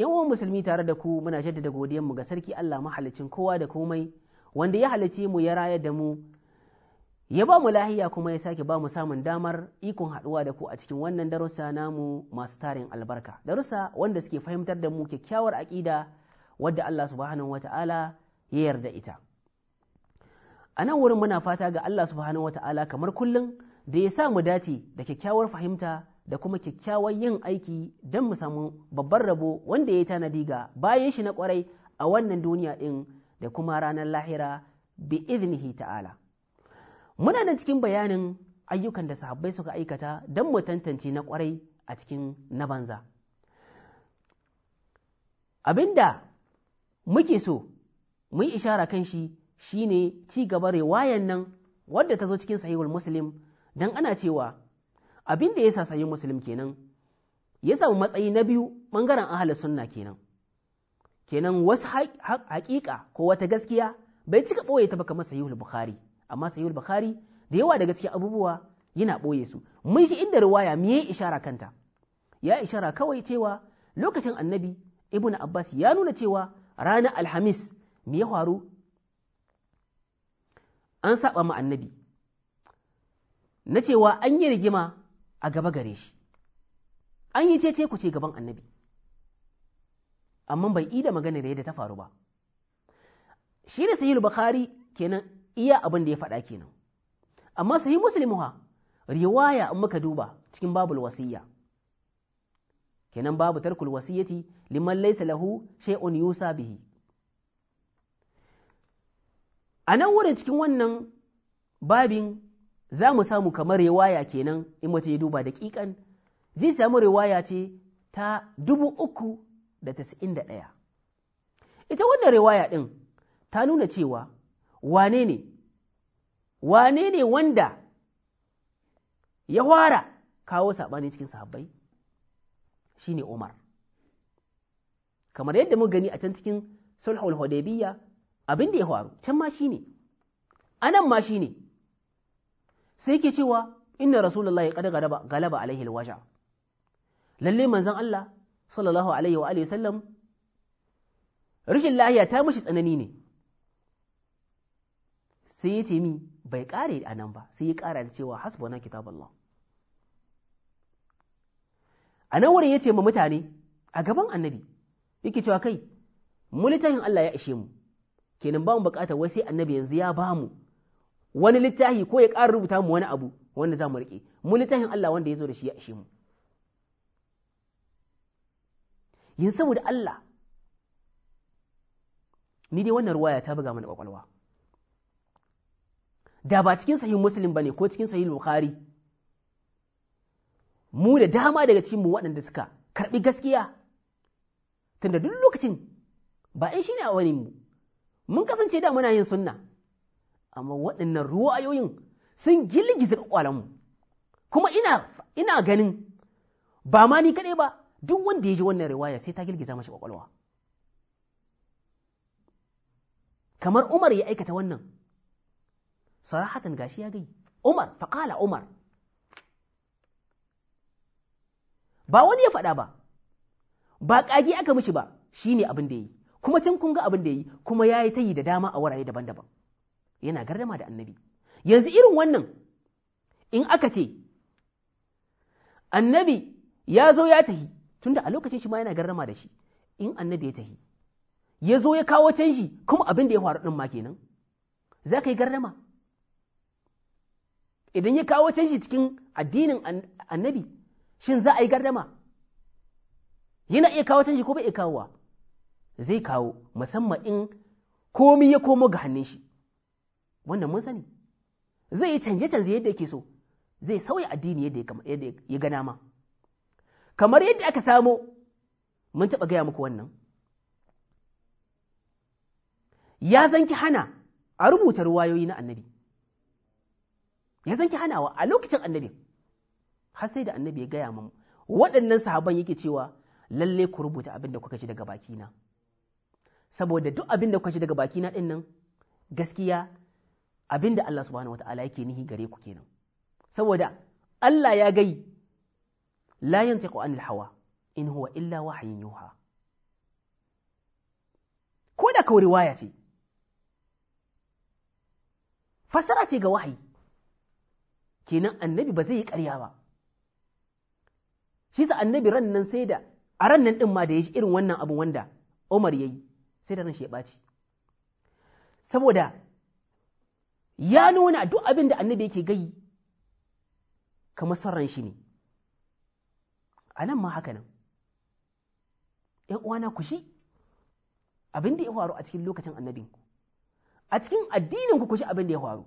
Yan uwan musulmi tare da ku muna jaddada godiyar mu ga sarki Allah mahalicin kowa da komai wanda ya halice mu ya raya da mu ya ba mu lahiya kuma ya sake ba mu samun damar ikon haɗuwa da ku a cikin wannan darussa namu masu tarin albarka darussa wanda suke fahimtar da mu kyakkyawar aƙida wadda Allah subhanahu wata'ala ya yarda ita a nan wurin muna fata ga Allah subhanahu wata'ala kamar kullum da ya sa mu dace da kyakkyawar fahimta da kuma kyakkyawan yin aiki don mu samu babban rabo wanda ya yi tanadi ga bayan shi na kwarai a wannan duniya ɗin da kuma ranar lahira bi iznihi ta'ala muna nan cikin bayanin ayyukan da sahabbai suka aikata don mu tantance na kwarai a cikin na banza abinda muke so mu yi ishara kan shi shine ci gaba riwayan nan wadda ta zo cikin sahihul muslim don ana cewa abin da ya sa sayi musulun kenan ya samu matsayi na biyu ɓangaren ahalar sunna kenan kenan wasu haƙiƙa ko wata gaskiya bai cika ɓoye ta baka masa yiwu bukhari amma sahihul bukhari da yawa daga cikin abubuwa yana ɓoye su mun shi inda ruwaya me ishara kanta ya ishara kawai cewa lokacin annabi ibnu abbas ya nuna cewa ranar alhamis me ya faru an saba ma annabi na cewa an yi rigima a gaba gare shi an yi cece ku ce gaban annabi amma bai yi da maganar yadda ta faru ba shi da sahih bukhari kenan iya abin da ya faɗa kenan amma sayi muslim ha riwaya an muka duba cikin babul wasiyya kenan babu tarkul wasiyyati liman laysa lahu shay'un yusa bihi a nan wurin cikin wannan babin za mu samu kamar rewaya kenan in mace ya duba da ƙiƙan zai samu riwaya ce ta dubu uku da tasi'in da ɗaya ita wannan rewaya ɗin ta nuna cewa wane ne wane ne wanda ya fara kawo saɓani cikin sahabbai Shi ne Umar kamar yadda mu gani a can cikin sulhul hudaybiyya abin da ya faru can ma shine anan ma shine sai yake cewa inna rasulullahi qad galaba galaba alaihi alwaja lalle manzon Allah sallallahu alaihi wa alihi sallam rashin lahiya ta mishi tsanani ne sai ya ce mi bai kare a nan ba sai ya kara da cewa hasbuna kitaballah a nan wurin ya ce ma mutane a gaban annabi yake cewa kai mu littafin Allah ya ishe mu kenan ba mu bukatar wai sai annabi yanzu ya ba mu wani littafi ko ya ƙara rubuta mu wani abu wanda za mu riƙe mu littafin Allah wanda ya zo da shi ya ishe mu yin saboda Allah ni dai wannan ruwaya ta buga mana kwakwalwa da ba cikin sahih muslim bane ko cikin sahih bukhari mu da dama daga cikin mu waɗanda suka karbi gaskiya tunda duk lokacin ba in shine a wani mu mun kasance da muna yin sunna amma waɗannan ruwayoyin sun gilgiza mu kuma ina ina ganin ba ma ni kaɗai ba duk wanda ya ji wannan riwaya sai ta girgiza mashi ƙwaƙwalwa. kamar Umar ya aikata wannan sarahatan gashi ya gai Umar faƙala Umar ba wani ya faɗa ba ba ƙagi aka mishi ba shine abin da yi kuma can kun ga abin da yi kuma ya yi ta da dama a wurare daban-daban yana gardama da annabi yanzu irin wannan in aka ce annabi ya zo ya tahi tunda a lokacin shi ma yana gardama da shi in annabi ya tahi ya zo ya kawo canji kuma abin da ya faru ɗin ma kenan za ka yi gardama idan ya kawo canji cikin addinin annabi shin za a yi gardama yana iya kawo canji ko bai iya kawowa zai kawo musamman in komi ya komo ga hannun shi wannan mun sani zai yi canje-canje yadda yake so zai sauya addini yadda ya gana ma kamar yadda aka samo mun taɓa gaya muku wannan ya zanki hana a rubuta ruwayoyi na annabi ya zanki hanawa a lokacin annabi har sai da annabi ya gaya mun waɗannan sahaban yake cewa lalle ku rubuta abin da kuka ci daga bakina saboda duk abin da kuka ci daga bakina ɗin nan gaskiya Abin da Allah subhanahu wata'ala yake nihi gare ku kenan saboda Allah ya gai la yantiqu anil hawa in huwa illa wahyin yuha ko da kawai riwaya ce fassara ce ga wahayi kenan annabi ba zai yi ƙarya ba shi sa annabi ran nan sai da a ran nan ɗin ma da ya shi irin wannan abu wanda Umar ya yi sai da ran shi ya ɓaci saboda ya nuna duk abin da annabi yake gai kamar son shi ne a nan ma haka nan ‘yan uwana ku shi abin da ya faru a cikin lokacin annabinku a cikin addininku ku shi abin da ya faru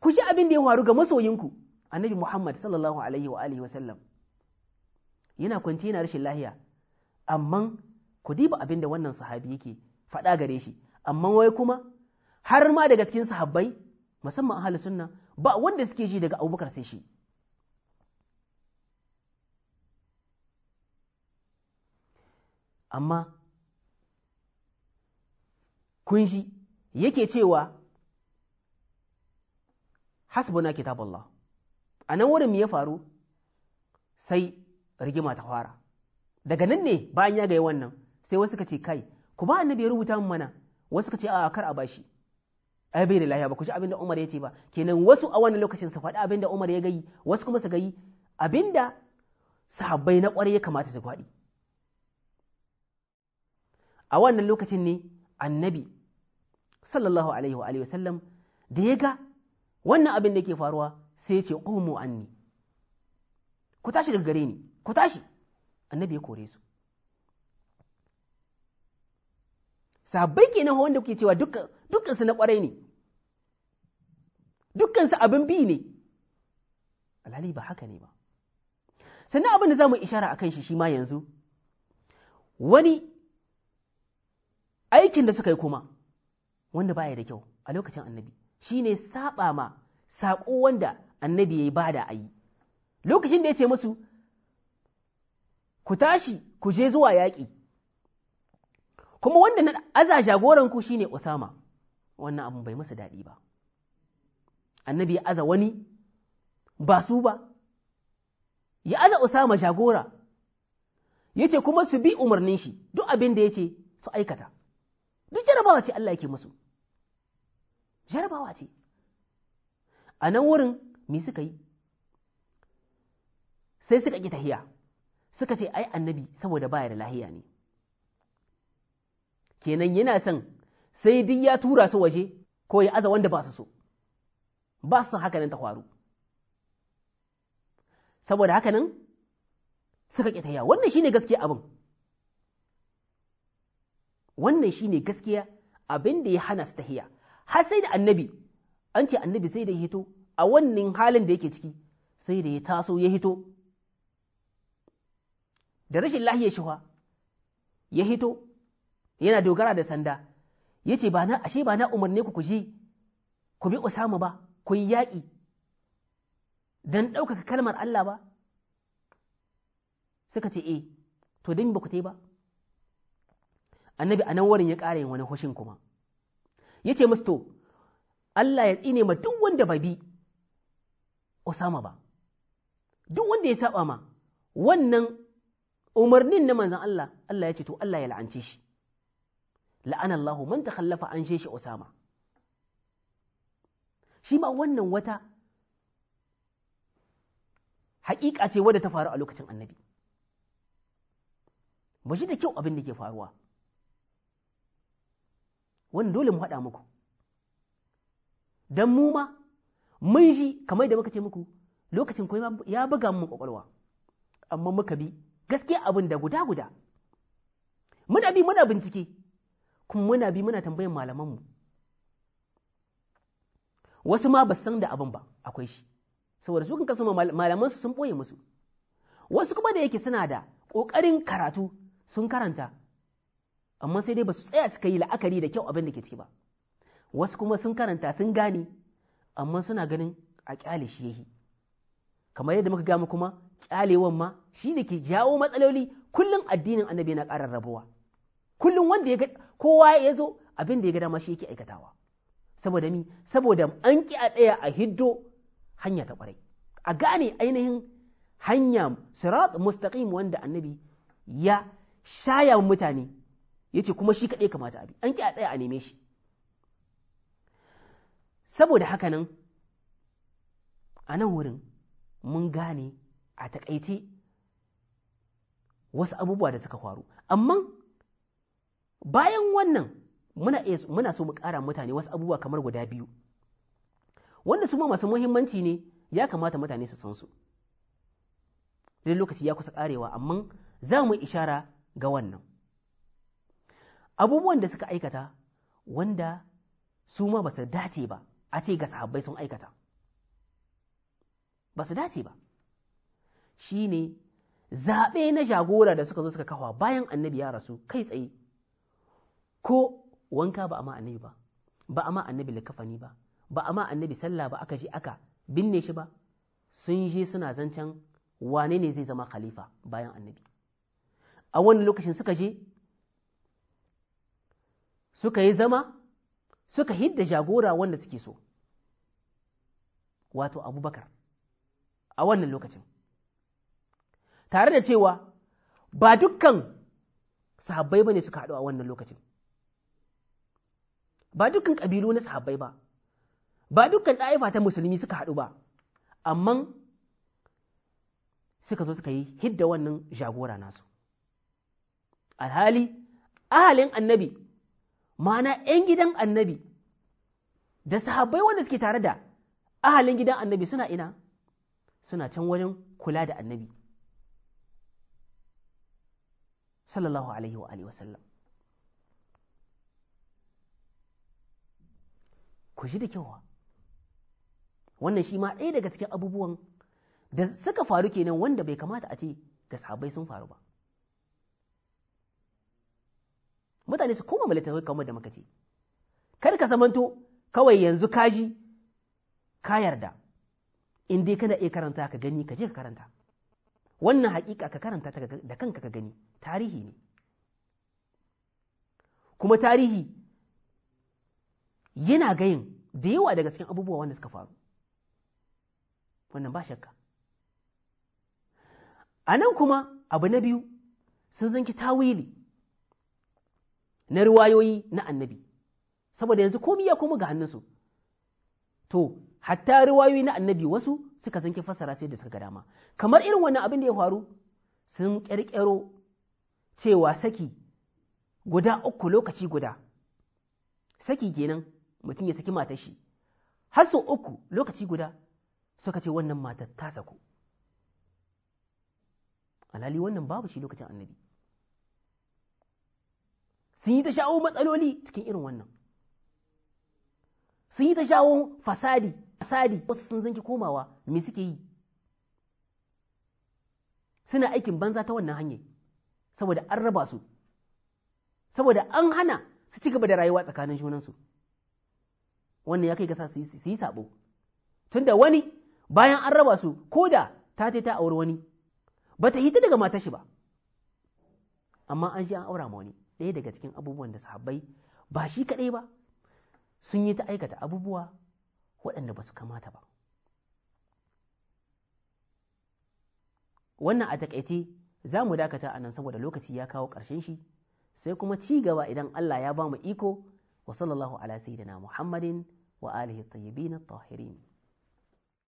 ku shi abin da ya faru ga masoyinku annabi Muhammad sallallahu alaihi wa alihi wasallam yana kwance yana rashin lahiya amma ku diba abin da wannan sahabi yake faɗa gare shi amma wai kuma har ma daga cikin sahabbai musamman ahlus sunna ba wanda suke ji daga abubakar sai shi amma kun shi yake cewa hasbuna kitabullah a nan wurin ya faru sai rigima ta fara daga nan ne bayan ya ga wannan sai wasu ka ce kai ku ba annabi ya rubuta mana wasu ka ce a kar a bashi ai bai da lahiya ba ku ji abin da Umar ya ce ba kenan wasu a wannan lokacin su faɗi abin da Umar ya gayi wasu kuma su gayi abin da sahabbai na ƙwarai ya kamata su faɗi a wannan lokacin ne annabi sallallahu alaihi wa alihi sallam da ya ga wannan abin da yake faruwa sai ya ce qumu anni ku tashi daga gare ni ku tashi annabi ya kore su ke nan wanda kuke cewa dukkan dukkansu na kwarai ne dukkansu abin bi ne alali ba haka ne ba sannan abin da za mu ishara a kan shi shi ma yanzu wani aikin da suka yi kuma wanda baya da kyau a lokacin annabi shi ne saba ma saƙo wanda annabi ya yi bada a yi lokacin da ya ce masu. ku tashi ku je zuwa yaƙi kuma wanda na aza jagoran ku shine Usama wannan abun bai masa daɗi ba annabi ya aza wani ba su ba ya aza Usama jagora yace kuma su bi umarnin shi duk abin da ce su aikata duk jarabawa ce Allah yake musu jarabawa ce a nan wurin me suka yi sai suka ƙi tahiya suka ce ai annabi saboda baya da lahiya ne kenan yana son sai duk ya tura su waje ko ya aza wanda ba su so ba su haka nan ta faru saboda haka nan suka ƙi taya wannan shine gaskiya abin wannan shine gaskiya abin da ya hana su tahiya har sai da annabi an ce annabi sai da ya hito a wannan halin da yake ciki sai da ya taso ya hito da rashin lahiyar shiwa ya hito yana dogara da sanda yace ba ashe ba na umarni ku ku ku bi Usama ba ku yi yaƙi don ɗaukaka kalmar Allah ba suka ce eh to dan ba ku tai ba annabi a nan wurin ya ƙara yin wani hushin kuma Ya ce musu to Allah ya tsine ma duk wanda ba bi Usama ba duk wanda ya saba ma wannan umarnin na manzan Allah Allah ya ce to Allah ya la'ance shi la'anallahu ta takhallafa an shi Usama shi ma wannan wata haƙiƙa ce wadda ta faru a lokacin annabi ba shi da kyau abin da ke faruwa wani dole mu haɗa muku don mu ma mun shi kamar da muka ce muku lokacin kuma ya buga mu ƙwaƙwalwa. amma muka bi gaskiya abin da guda-guda muna bi muna bincike kuma muna bi muna tambayan malamanmu wasu ma ba san da abin ba akwai shi saboda su kan kasu malaman su sun ɓoye musu wasu kuma da yake suna da ƙoƙarin karatu sun karanta amma sai dai ba su tsaya suka yi la'akari da kyau abin da ke ciki ba wasu kuma sun karanta sun gane amma suna ganin a ƙyale shi yahi kamar yadda muka gama kuma ƙyalewan ma shi ne ke jawo matsaloli kullum addinin annabi na ƙarar rabuwa kullum wanda ya kowa ya zo abin da ya ga dama shi yake aikatawa saboda mi saboda an ki a tsaya a hiddo hanya ta kwarai a gane ainihin hanya sirat mustaqim wanda annabi ya shaya mutane yace kuma shi kaɗai kamata abi an ki a tsaya a neme shi saboda haka nan a nan wurin mun gane a takaice wasu abubuwa da suka faru amma bayan wannan muna muna so mu ƙara mutane wasu abubuwa kamar guda biyu wanda su masu muhimmanci ne ya kamata mutane su san su Duk lokaci ya kusa ƙarewa amma za mu ishara ga wannan abubuwan da suka aikata wanda su ma ba su dace ba a ce ga sahabbai sun aikata ba su dace ba shi ne zaɓe na jagora da suka zo suka kawo bayan annabi ya rasu kai tsaye ko wanka ba a ma annabi ba ba a ma annabi likafani ba ba a ma annabi sallah ba aka je aka binne shi ba sun je suna zancen wane ne zai zama khalifa bayan annabi a wani lokacin suka je suka yi zama suka hidda jagora wanda suke so wato abubakar a wannan lokacin tare da cewa ba dukkan sahabbai ba ne suka haɗu a wannan lokacin ba dukkan kabilu na sahabbai ba ba dukkan ɗa'ifa ta musulmi suka haɗu ba amma suka zo suka yi hidda wannan jagora nasu alhali ahalin annabi ma'ana 'yan gidan annabi da sahabbai wanda suke tare da ahalin gidan annabi suna ina suna can wajen kula da annabi sallallahu alaihi wa wasallam ku shi da kyauwa wannan shi ma ɗaya daga cikin abubuwan da suka faru kenan wanda bai kamata a ce ga sahabbai sun faru ba mutane su koma malittafai kamar da muka ce kar ka samanto kawai yanzu kaji ka yarda in dai kana iya karanta ka gani ka je ka karanta wannan hakika ka karanta da kanka ka gani tarihi ne kuma tarihi yana gayin da yawa daga cikin abubuwa wanda suka faru wannan ba shakka a nan kuma abu na biyu sun zanki tawili na riwayoyi na annabi saboda yanzu komi ya komi ga hannunsu to hatta riwayoyi na annabi wasu suka zanki fassara sai da suka ga dama kamar irin wannan abin da ya faru sun ƙirƙiro cewa saki guda uku lokaci guda saki kenan mutum ya saki matar shi har sau uku lokaci guda suka ce wannan matar ta saku alhali wannan babu shi lokacin annabi sun yi ta shawo matsaloli cikin irin wannan sun yi ta shawo fasadi fasadi wasu sun zanki komawa me suke yi suna aikin banza ta wannan hanyar saboda an raba su saboda an hana su ci gaba da rayuwa tsakanin junansu wannan ya kai ga sa su yi sabo tunda wani bayan an raba su ko da ta ta auri wani ba ta hita daga matashi ba amma an shi an aura ma wani ɗaya daga cikin abubuwan da sahabbai ba shi kaɗai ba sun yi ta aikata abubuwa waɗanda ba su kamata ba wannan a taƙaice, za mu dakata a nan saboda lokaci ya kawo ƙarshen shi sai kuma ci gaba idan Allah ya ba mu iko wa sallallahu ala sayyidina muhammadin wa alihi tayyibin at